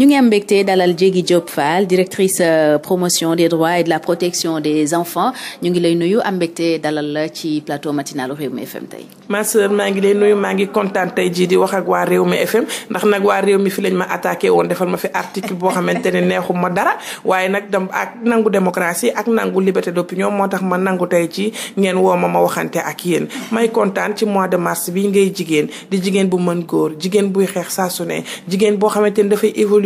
ñu ngi am mbégte dalal Diegui Diop Fall directrice euh, promotion des droits et de la protection des enfants ñu ngi lay nuyu am mbégte dalal la ci plateau matinalu Rewmi FM tey. ma sœur maa ngi lay nuyu maa ngi kontaan tey jii di wax ak waa Rewmi FM ndax nag waa Rewmi fi lañ ma attaqué woon defal ma fi article boo xamante ne ma dara waaye nag dam ak nangu démocratie ak nangu liberté d'opinion moo tax ma nangu tey ci ngeen woo ma ma waxante ak yéen may kontaan ci mois de mars bi ngay jigéen di jigéen bu mën góor jigéen buy xeex saa jigéen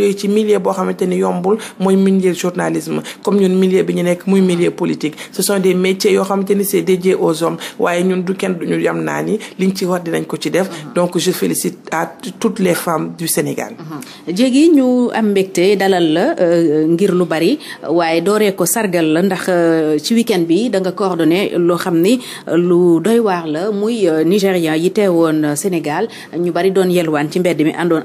évoluer ci milieu boo xamante ni yombul mooy milieu journalisme comme ñun milieu bi ñu nekk muy milieu politique ce sont des métiers yoo xamante ni c'est dédié aux hommes waaye ñun du kenn duñu yam naa ni liñ ci war dinañ ko ci def mhm. donc je félicite à toutes les femmes du Sénégal mhm. jéegi ñu am mbégte dalal la euh, ngir lu bari waaye dooree sargal la ndax euh, ci week-end bi da nga coordonné loo xam ni euh, lu doy waar la muy nigérian yi teewoon Sénégal ñu bari doon yelwaan ci mbedd mi àndoon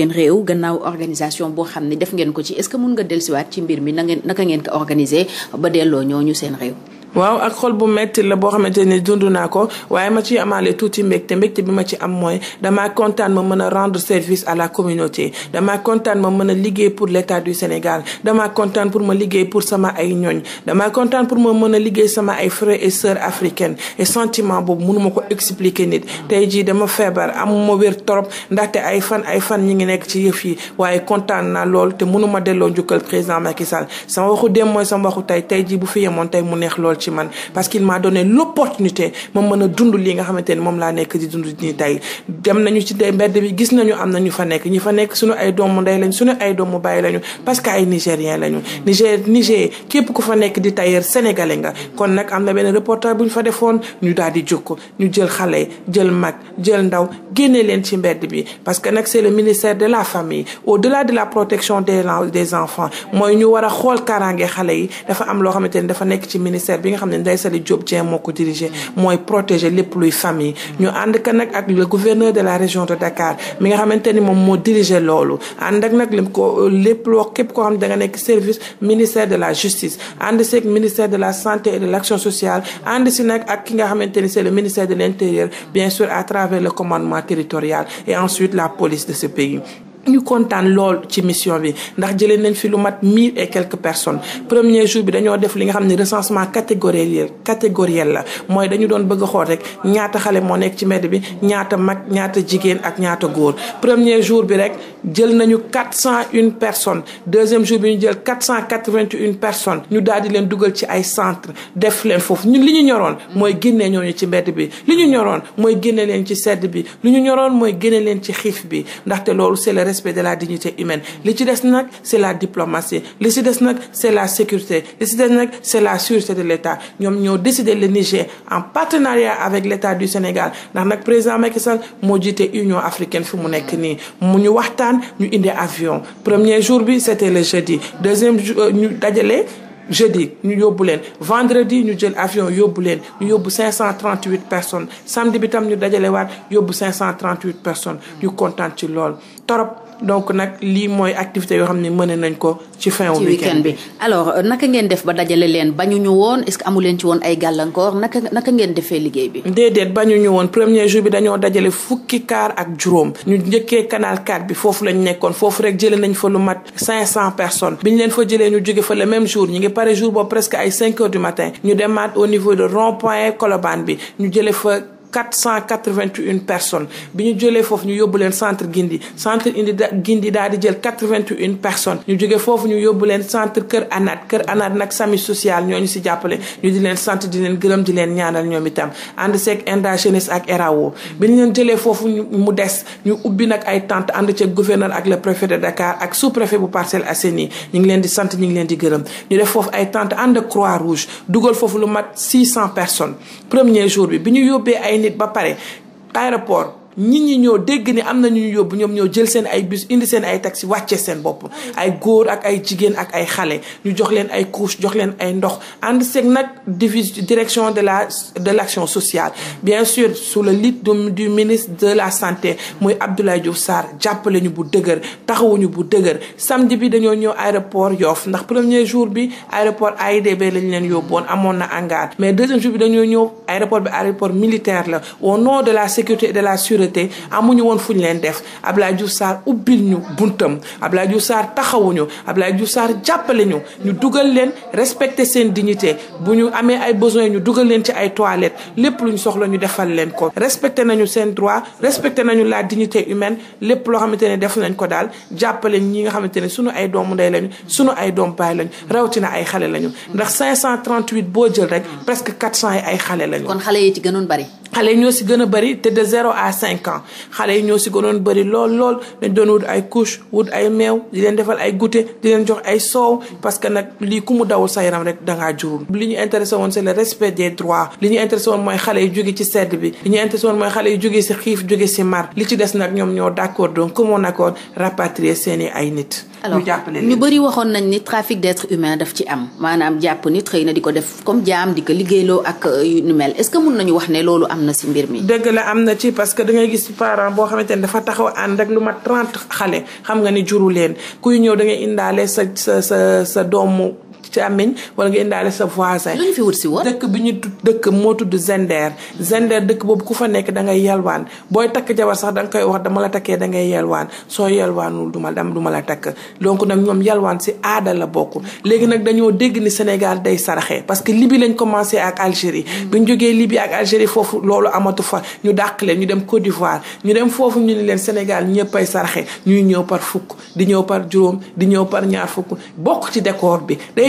seen réew gannaaw organisation boo xam ne def ngeen ko ci est-ce que mun nga dellusiwaat ci mbir mi na naka ngeen ko organiser ba delloo ñooñu seen réew. waaw ak xol bu metti la boo xamante ne dund naa ko waaye ma ciy amaale tuuti mbégte mbégte bi ma ci am mooy damaa kontaan ma mën a rendre service à la communauté damaa kontaan ma mën a liggéey pour l'état du Sénégal dama kontaan pour ma liggéey pour sama ay ñoñ damaa kontaan pour ma mën a liggéey sama ay frères et sœurs africaines et sentiment boobu mënuma ko expliqué nit tey jii dama feebar ma wér trop ndaxte ay fan ay fan ñi ngi nekk ci yëf yi waaye kontaan naa lool te mënuma delloo njukkal président Macky Sall sama waxu dem mooy sama waxu tey tey jii bu fi yemoon tey mu neex lool ci man parce qu'il m'a donné l'opportunité ma mën a dund li nga xamante ni moom laa nekk di dund nii tey dem nañu ci mbedd bi gis nañu am na ñu fa nekk ñi fa nekk suñu ay doomu ndey lañ suñu ay doomu bàyyi lañu parce que ay nigérien lañu Niger Niger képp ku fa nekk di tailleur sénégalais nga kon nag am na benn reportage bu ñu fa defoon ñu daal di jóg ñu jël xale jël mag jël ndaw génne leen ci mbedd bi parce que nag c'est le ministère de la famille au-delà la protection des des enfants mooy ñu a xool kaaraange xale yi bi bi nga xam ne Ndeye Saly Diop Dieng moo ko dirigé mooy protéger lépp luy famille ñu ànd ka nag ak le gouverneur de la région de Dakar mi nga xamante ni moom moo dirigé loolu ànd ak nag lim ko lépp loo képp koo ne da nga nekk service ministère de la justice ànd si ak ministère de la santé et de l' sociale ànd si nag ak ki nga xamante ni c' est le ministère de l' intérieur bien sûr à travers le commandement territorial et ensuite la police de ce pays ñu kontaan lool ci mission bi ndax jëlee nañ fi lu mat mille et quelques personnes premier jour bi dañoo def li nga xam ne recensement catégoriel catégoriel la mooy dañu doon bëgg xool rek ñaata xale moo nekk ci mbedd bi ñaata mag ñaata jigéen ak ñaata góor premier jour bi rek jël nañu quatre cent une personnes deuxième jour bi ñu jël quatre cent quatre vingt une personnes ñu daal di leen dugal ci ay centre def leen foofu li ñu ñoroon mooy génnee ñooñu ci mbedd bi li ñu ñoroon mooy génne leen ci sedd bi li ñu ñoroon mooy génne leen ci xiif bi de la dignité humaine li ci des nag c'est la diplomatie li ci des nag c'est la sécurité li ci des nag c'est la sûreté de l'État ñoom ñoo décidé le Niger en partenariat avec l'État du Sénégal ndax nag président Macky Sall moo jiite Union africaine fi mu nekk nii mu ñu waxtaan ñu indi avion premier jour bi c'était le jeudi deuxième jour euh, ñu dajale jeudi ñu yóbbu leen vendredi ñu jël avion yóbbu leen ñu yóbbu 538 personnes samedi bi tam ñu dajalewaat yóbbu 538 personnes ñu kontaan ci lool torop donc nag lii mooy activité yoo xam ne mën nañ ko ci fin wu weekend bi alors euh, naka ngeen def ba dajale leen bañuñu woon est-ce que amu leen ci woon ay gàllankoor naka naka ngeen defee liggéey bi. déedéet bañuñu woon premier jour bi dañoo dajale fukki kaar ak juróom ñu njëkkee canal 4 bi foofu lañ nekkoon foofu rek jëlee nañ fa lu mat 500 personnes bi ñu leen fa jëlee ñu jóge fa le même jour ñu ngi pare jour boobu presque ay 5 heures du matin ñu d au niveau quatre cent quatre vingt et une personnes bi ñu jëlee foofu ñu yóbbu leen centre Gindi centre indi Gindi daal di jël quatre vingt et une personnes ñu jógee foofu ñu yóbbu leen centre Kër Anat Kër Anat nag sami social ñooñu si jàppale ñu di leen sant di leen gërëm di leen ñaanal ñoom itam ànd seeg Enda jeunesse ak RAO bi ñu leen jëlee foofu mu des ñu ubbi nag ay tente ànd ceeg gouverneur ak le préfet de Dakar ak sous préfet bu Parcelles Assainies ñu ngi leen di sant ñu ngi leen di gërëm ñu def foofu ay tente ànd Croix Rouge dugal foofu lu mat six cent personnes nit ba pare aéroport nit ñi ñoo dégg ni am na ñu ñu yóbbu ñoom ñoo jël seen ay bus indi seen ay taxi wàcce seen bopp ay góor ak ay jigéen ak ay xale ñu jox leen ay couche jox leen ay ndox ànd seeg nag division direction de la de l'action bien sûr sous le lead du, du ministre de la santé muy Abdoulaye Diouf Sarr jàppale ñu bu dëgër taxawuñu bu dëgër samedi bi dañoo ñëw aéroport Yoff ndax premier jour bi aéroport AIBD lañ leen woon amoon na hangar mais deuxième jour bi dañoo ñëw aéroport bi aéroport militaire la au nom de la sécurité amuñu woon fu ñu leen def Abdoulaye Diouf Sarr ubbil ñu buntam Abdoulaye Diouf Sarr taxawuñu Abdoulaye Diouf Sarr jàppale ñu ñu dugal leen respecter seen dignité bu ñu amee ay besoin ñu dugal leen ci ay toilettes lépp lu ñu soxla ñu defal leen ko respecté nañu seen droit respecté nañu la dignité humaine lépp loo xamante ne def nañ ko daal jàppaleen ñi nga xamante ne suñu ay doomu ndey lañu sunu ay doom baay lañu rawatina ay xale lañu ndax 538 boo jël rek presque 400 yi ay xale lañu. kon xale yi ci gënoon bari. xale yi ñoo si gën a bëri te de zéro à cinq ans xale yi ñoo si gënoon bëri lool lool dañ doon wut ay couche wut ay meew di leen defal ay goûter di leen jox ay soow parce que nag lii ku mu dawul sa yaram rek dangaa jurul li ñu intéressé woon c'est le respect des droits li ñu intéressé woon mooy xale yi jóge ci sedd bi li ñu intéressé woon mooy xale yi jóge si xiif jóge si mar li ci des nag ñoom ñoo d'accord donc comme on accord rapatrier seeni ay nit alors ñu bëri waxoon nañ ni trafic d'êtres humains daf ci am maanaam jàpp nit xëy na di ko def comme jaam di ko liggéeyloo ak nu euh, mel est-ce que mun nañu wax ne loolu am na si mbir mi. dëgg la am na ci parce que dangay ngay gis parent boo xamante ne dafa taxaw ànd rek lu mat 30 xale xam nga ni juru leen kuy ñëw dangay ngay indaale sa sa sa doom càmmiñ wala nga indaale sa voisin. lu si woon dëkk bi ñu dëkk moo tudd Zender. Zender dëkk boobu ku fa nekk da ngay yalwaan booy takk jabar sax danga koy wax dama la takkee da ngay yalwaan soo yalwaanul duma dama duma la takk donc nag ñoom yalwaan si aadala la bokk. léegi nag dañoo dégg ni Sénégal day saraxee parce que libi lañ commencé ak Algérie. Mm. bi ñu jógee libi ak Algérie foofu loolu amatu fa ñu dàq leen ñu dem Côte d'Ivoire ñu dem foofu ñu ni leen Sénégal ñëppay saraxe ñuy ñëw par fukk di ñëw par juróom di ñëw par ñaar fukk bokk ci décor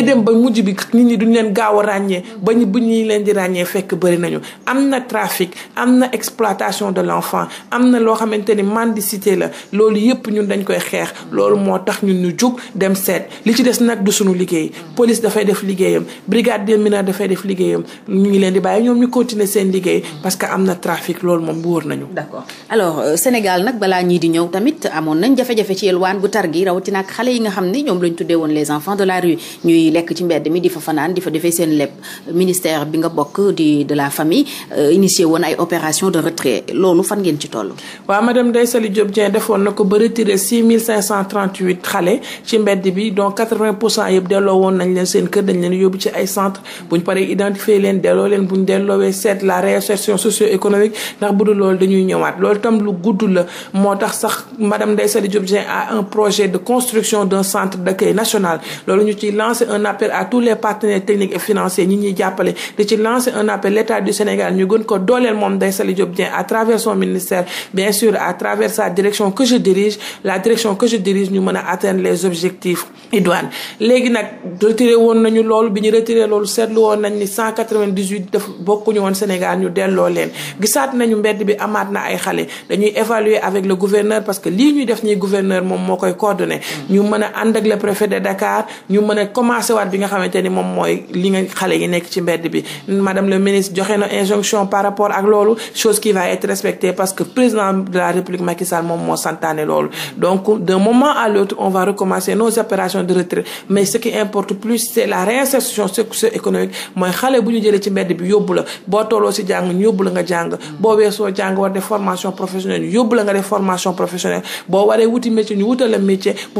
day dem ba mujj bi nit ñi duñ leen gaaw a ràññee ba ñu bu ñuy leen di ràññee fekk bëri nañu am na trafic am na exploitation de l'enfant am na loo xamante ni mendicité la loolu yëpp ñun dañ koy xeex loolu moo tax ñun ñu jug dem seet ci des nag du suñu liggéey police dafay def liggéeyam brigade des mineurs dafay def liggéeyam ñu ngi leen di bàyyi ñoom ñu continuer seen liggéey parce que am na trafic loolu moom bu wóor nañu. d'accord alors euh, Sénégal nag balaa ñii di ñëw tamit amoon nañ jafe-jafe ci yelwaan bu tar gi rawatina xale yi nga xam ne ñoom lañ tuddee woon les enfants de la rue ñuy di lekk ci mbedd mi di fa fanaan di fa defee seen lépp ministère bi nga bokk di de la famille euh, initié woon ay opération de retrait loolu fan ngeen ci toll. waaw madame Ndeye Saly Diop Dieng defoon na ko ba retiré 6538 xale ci mbedd bi donc 80 pour cent yëpp woon nañ leen seen kër dañ leen yóbbu ci ay centre bu ñu paree identifier leen delloo leen bu ñu delloowee seet la réinsertion socio-économique ndax bu dul loolu dañuy ñëwaat loolu tam lu gudd la moo tax sax madame Ndeye Saly Diop Dieng a un projet de construction d'un centre d'accueil national loolu ñu ciy lancer un appel à tous les partenaires techniques et financiers ñi ñuy jàppale di ci lancer un appel ñu gën ko dooleel moom Ndeye Saly ñu mën a atteindre les objectifs idoines léegi nag retiré woon nañu loolu bi ñu retiré loolu seetlu woon nañ ni 198 daf bokkuñu woon Sénégal ñu delloo leen gisaat nañu mbedd bi amaat na ay xale dañuy évaluer avec le gouverneur parce que lii ñuy def ñuy gouverneur moom moo koy coordonné mm. ñu mën a ànd ak préfet de Dakar ñu mën a commencer commencé waat bi nga xamante ni moom mooy li nga xale yi nekk ci mbedd bi madame le ministre joxe na injonction par rapport ak loolu chose qui va être respectée parce que président de la république Macky Sall moom moo santaane loolu donc d'un moment à l'autre on va recommencer nos opérations de retrait mais ce qui importe plus c'est la réinsertion socio-économique mooy xale bu ñu jëlee ci mbedd bi yóbbu la boo tolloo si jàng ñu yóbbu la nga jàng boo weesoo la nga def formation professionnelle boo waree wuti métier ñu wutal la métier bu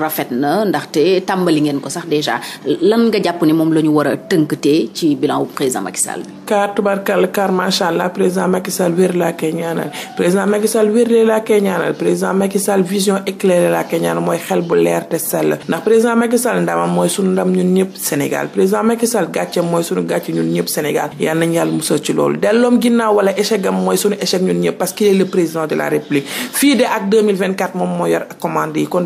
rafet na ndaxte tàmbali ngeen ko sax déjà lan nga jàpp ni moom la ñu war a tënk tee ci bilan wu président Dakar président Macky Sall wér laa koy ñaanal président Macky Sall wér laa koy ñaanal président Macky Sall vision éclairée laa koy mooy xel bu leer te sell ndax président Macky Sall ndamam mooy sunu ndam ñun ñëpp Sénégal président Macky Sall gàcceem mooy sunu gàcce ñun ñëpp Sénégal yal nañu yàlla musal ci loolu delloom ginnaaw wala échec am mooy sunu échec ñun ñëpp parce qu'il le président de la République fii de ak moom moo yor commande yi ko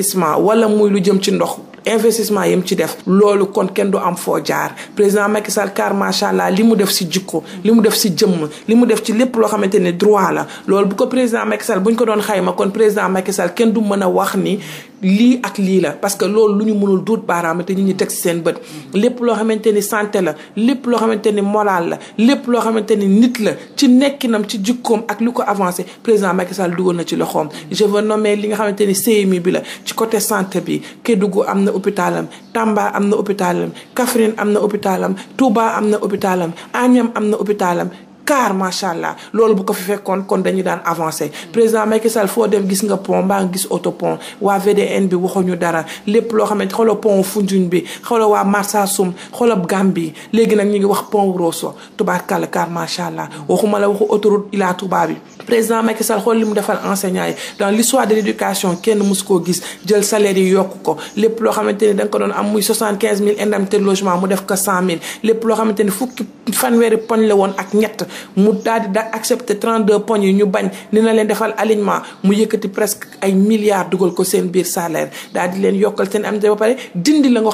assainissement wala muy lu jëm ci ndox investissement yi mu ci def loolu kon kenn du am foo jaar président Macky Sall car macha allah li mu def si jikko li mu def si jëm li mu def ci lépp loo xamante ne droit la loolu bu ko président ma Sall bu ñu ko doon xayma kon président Macky Sall kenn du mën a wax ni lii ak lii la parce que loolu lu ñu mënul duut baaraam te ñu ñu teg seen bët lépp loo xamante ni santé la lépp loo xamante ni moral la lépp loo xamante ni nit la ci nekkinam ci jikkoom ak lu ko avancé président Macky Sall dugal na ci loxoom. je veux nommer li nga xamante ni CMU bi la ci côté santé bi Kédougou am na hôpitalam Tamba am na hôpitalam Kaffrine am na hôpitalam Touba am na hôpitalam Agnam am na hôpitalam car macha allah loolu bu ko fi fekkoon kon dañu daan avancé président Macky Sall foo dem gis nga pon mbaa nga gis pon waa VDN bi waxuñu dara lépp loo xam xamante xoolal fu Foundiougne bi xoolal waa Marsassoum xoolal Gambie léegi nag ñu ngi wax pont Rosso tubaarkàlla car macha allah waxuma la waxu autoroute Ila Touba bi. président Macky Sall xool li mu defal enseignants yi dans l'histoire de l'éducation kenn mus koo gis jël salaire yi yokk ko lépp loo xamante ni da nga ko doon am muy 75000 indemnité logement mu def ko 100000 lépp loo xamante ni fukki fanweeri poñ woon ak ñett. mu daal di da accepté 32 poñ yi ñu bañ ni na leen defal alignement mu yëkkati presque ay milliards dugal ko seen biir salaire daal di leen yokkal seen am ba pare dindi la ne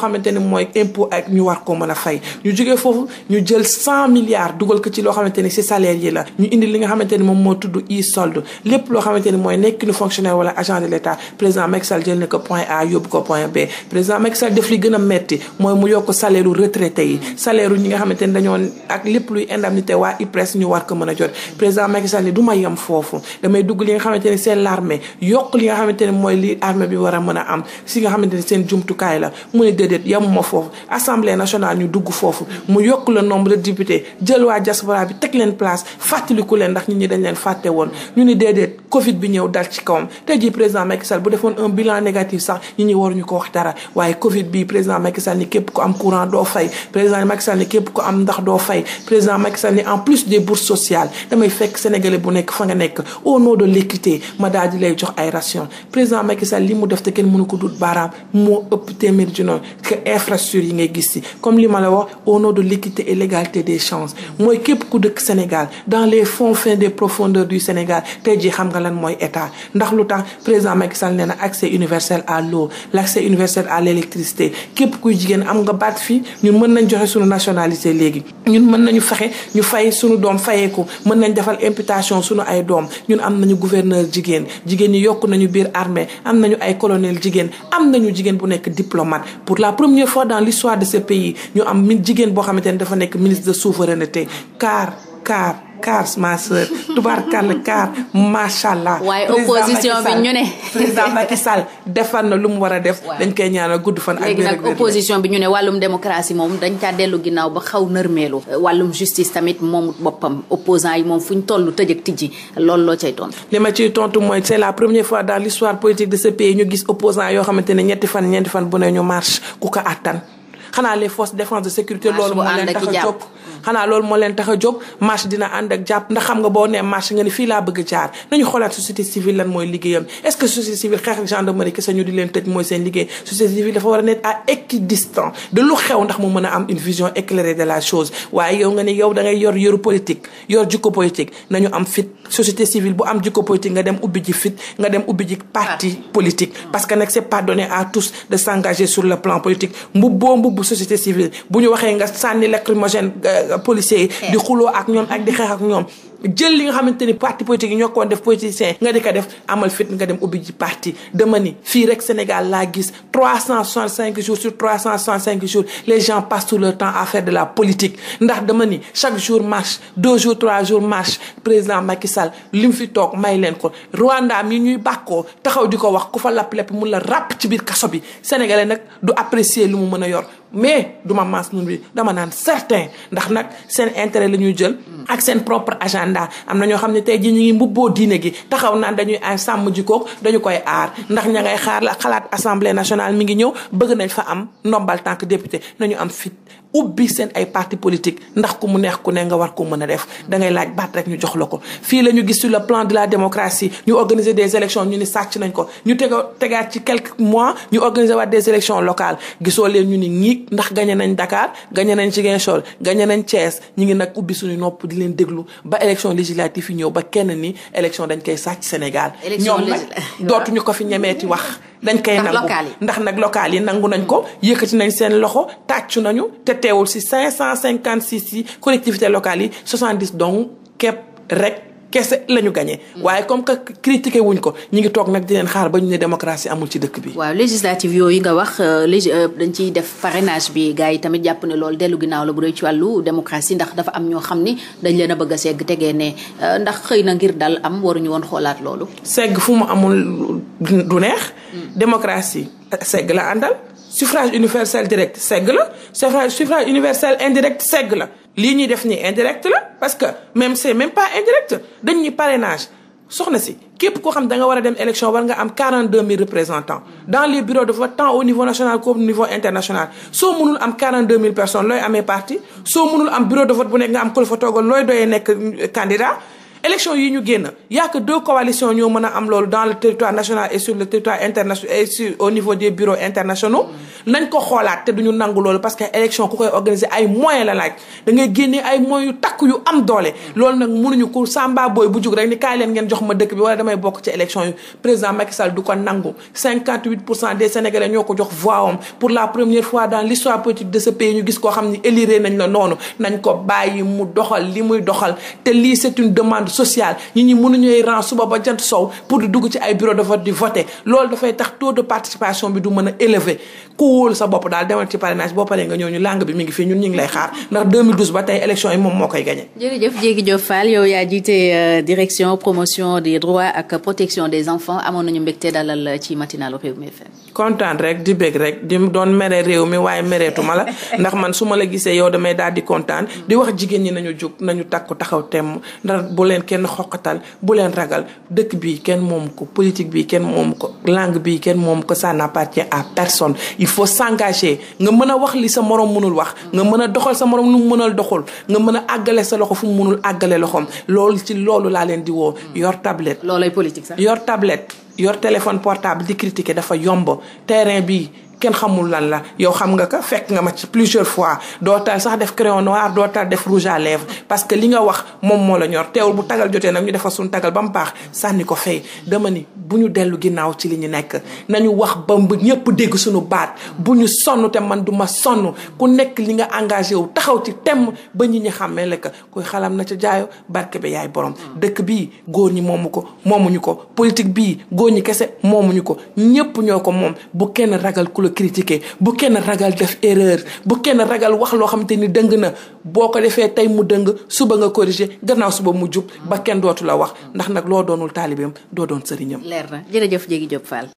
ko mën a fay foofu ñu jël 100 milliards dugal ko ci loo xamante ne si salaire yi la ñu indi li nga xamante ne moom moo tudd i solde lépp loo xamante ne mooy nekk nu fonctionnaire wala agent de l'État président Macky Sall jël na ko point A yóbbu ko point B président Macky Sall def li gën a metti mooy mu yokk salaire u retraité yi salaire u ñi nga xamante bees ñu war ko mën a jot président Macky Sall du ma yem foofu damay dugg li nga xamante ne c'est l'armée yokk li nga xamante ne mooy li armée bi war a mën a am si nga xamante ne seen jumtukaay la mu ne déedéet yemuma foofu assemblée nationale ñu dugg foofu mu yokk le nombre de députés jël waa diaspora bi teg leen place fàttaliku leen ndax nit ñi dañ leen fàtte woon ñu ni déedéet Covid bi ñëw dal ci kawam tey jii président Macky Sall bu defoon un bilan négatif sax ñi ñu waruñu ko wax dara waaye Covid bi président Macky Sall ni képp ko am courant doo fay président Macky Sall ni en plus des bourses sociales damay fekk sénégalais bu nekk fa nga nekk au nom de l'équité ma daal lay jox ay ration président Macky Sall li mu def te kenn mënu ko dut baaraam moo ëpp téeméer ju noonu que yi ngay gis si comme li ma au nom de l'équité lan mooy état ndax lu tax président Macky Sall nee na accès universel à l'eau l' accès universel à l' képp kuy jigéen am nga baat fii ñun mën nañ joxe suñu nationalité léegi ñun mën nañu fexe ñu fay suñu doom fayeeku mën nañ defal imputation suñu ay doom ñun am nañu gouverneur jigéen jigéen ñi yokk nañu biir armée am nañu ay colonel jigéen am nañu jigéen bu nekk diplomate pour la première fois dans l'histoire de ce pays ñu am jigéen boo xamante ne dafa nekk ministre de souveraineté kaar ma soeur tubaarkàlla kaar macha allah. waaye opposition bi ñu ne. président Macky Sall na lu mu war a def. dañ koy ñaanal gudd fan. ak léegi bi ñu ne wàllum démocratie moom dañ caa dellu ginnaaw ba xaw nërmeelu. wàllum justice tamit moom boppam opposant yi moom fu ñu toll tëjëk tijji loolu loo cay tontu. li ma ciy tontu mooy c'est la première fois dans politique de ce pays ñu gis opposant yoo xamante ne ñetti fan ñeenti fan bu ne ñu marche ku ko attan. xanaa les forces de défense de sécurité. loolu moo leen tax a jóg xanaa loolu moo a jóg marche dina ndax xam nga boo nee marche nga ni fii laa bëgg jaar nañu xoolaat société civile lan mooy liggéeyam est-ce que société civile xeex ak gendarmerie kese ñu di leen tëj mooy a nekk à équidistant xew ndax mu mën a am une vision éclairée de la chose waaye yow nga ni yow da ngay yor yoru politique yor jikko politique nañu am fit société civile bu am jikko politique nga dem fit nga dem ubbi ji parti politique que nag c'est pas à tous de s'engager le plan politique mbubboo mbubb société civile bu ñu waxee nga sànni lacrymogène euh, policier yi di xuloo ak ñoom ak di xeex ak ñoom jël li nga xamante ni parti politique yi ñoo ko def politicien nga di ko def amal fit nga dem ubbi ji parti dama ni fii rek Sénégal laa gis trois cent 365 jours cent cinq jours les gens passent tout leur temps à faire de la politique ndax dama ni chaque jour marche deux jours trois jours marche président Macky Sall li mu fi toog may leen ko Rwanda mi ñuy bàkkoo taxaw di ko wax ku lapp-lepp mun la ràpp ci biir kaso bi sénégalais nag du apprécier lu mu mën a yor mais duma maas nun bi dama naan certain ndax nag seen intérêt la ñuy jël ak seen propre agenda am na ñoo xam ne tey jii ñu ngi mbubboo diine gi taxaw naan dañuy ay sàmm jikook dañu koy aar ndax ña ngay xaar la xalaat assemblée nationale mi ngi ñëw bëgg nañ fa am ndombal tànk député nañu am fit ubbi seen ay parti politique ndax ku mu neex ku ne nga war ko mën a def da laaj baat rek ñu jox la ko fii la ñu gis sur le plan de la démocratie ñu organiser des élections ñu ni sàcc nañ ko ñu tega tegaat ci quelques mois ñu organiser waat des élections locales gisoo leen ñu ni ñii ndax gañe nañ Dakar gañe nañ Ziguinchor gañe nañ cees ñi ngi nag ubbi suñu nopp di leen déglu ba élection législative yi ñëw ba kenn ni élection dañ koy sàcc Sénégal ñoom nag dootuñu ko fi ñemeeti wax dañ koy nangu ndax nag local yi nangu nañ ko teewul si 556 yi collectivité locale yi 70 donc képp rek kese la ñu gagné. Mm. waaye comme que critiqué wuñ ko ñu ngi toog nag di leen xaar ba ñu ne démocratie amul ci dëkk bi. waaw législative yooyu nga wax euh, légi euh, dañ ciy def parrainage bi gars yi tamit jàpp ne loolu dellu ginnaaw la bu dee ci wàllu démocratie ndax dafa am ñoo xam ni dañ leen a bëgg a segg tegee ne euh, ndax xëy na ngir dal am waruñu woon xoolaat loolu. segg fu mu amul du neex. Mm. démocratie segg la àndal. suffrage universel direct segg la suffrage suffrage universel indirect segg la lii ñuy def nii indirect la parce que même c'est même pas indirect dañ ñuy parrainage soxna si képp koo xam da nga war a dem élection war nga am 42 000 représentants dans les bureaux de vote tant au niveau national qu'au niveau international soo mënul am 42 000 personnes looy amee parti soo mënul am bureau de vote bu nekk nga am ku la fa looy doyee nekk élection yi ñu génn y a que deux coalitions ñoo mën a am loolu dans le territoire national et sur le territoire international et sur au niveau des bureaux internationaux nañ ko xoolaat que élection ku koy organiser ay moyens am doole loolu nag mënuñu ko samba booy bu jug rek ni kaay jox ma dëkk bi wala damay bokk ci élection yi président Macky Sall du ko nangu 58 ñoo ko jox voix la première fois dans l'histoire politique koo xam ni éliré nañ la noonu nañ ko bàyyi mu doxal li muy doxal te lii c'est une demande sociale ñi ñi mënuñuy rang suba ba jant sow pour di dugg ci ay bureau de vote lool voter dafay tax taux de participation bi du mën a élevé ku sa bopp daal demal ci parrainage boo paree nga ñëw ñu langue bi mi ngi fii ñun ñu ngi lay xaar ndax 2012 ba tey élection yi moom moo koy gagné. jërëjëf Diégui Diop Fall yow yaa jiite euh, direction promotion des droits ak protection des enfants amoon nañu mbégte dalal ci matinalu Rewmi FM. di bég doon mere réew mi waaye mereetuma la ndax man su ma la gisee yow damay daal di kontaan di wax jigéen ñi nañu jóg nañu takku taxaw temm ndax bu leen leen kenn xoqatal bu leen ragal dëkk bi kenn moom ko politique bi kenn moomu ko langue bi kenn moomu ko ça n'appartient à personne il faut s'engager nga mën a wax li sa moroom mënul wax nga mën a doxal sa moroom lu mu mënal doxul nga mën a àggale sa loxo fu mu mënul àggale loxoom loolu si loolu laa leen diwoo woo yor tablette loolay politique sax yor tablette yor téléphone portable di critiquer dafa yomb terrain bi kenn xamul lan la yow xam nga ko fekk nga ma ci plusieurs fois doo tal sax def crayon doo tal def rouge à lèvres parce que li nga wax moom moo la ñor teewul bu tagal jotee nag ñu defal suñu tagal ba mu baax sànni ko fay dama ni bu ñu dellu ginnaaw ci li ñu nekk nañu wax ba ñëpp dégg suñu baat bu ñu sonn te man du ma sonn ku nekk li nga engagé wu taxaw ci temm ba ñi ñi xàmmee la ko kuy xalam na ca jaayo barke bi yaay borom mm. dëkk bi góor ñi moomu ko moomuñu ko politique bii góor ñi kese moomuñu ko la critiquer bu kenn ragal def erreur bu kenn ragal wax loo xamante ni dëng na boo ko defee tey mu dëng suba nga corriger gannaaw suba mu jub ba kenn dootu la wax ndax nag loo doonul taalibeem doo doon sëriñam. leer na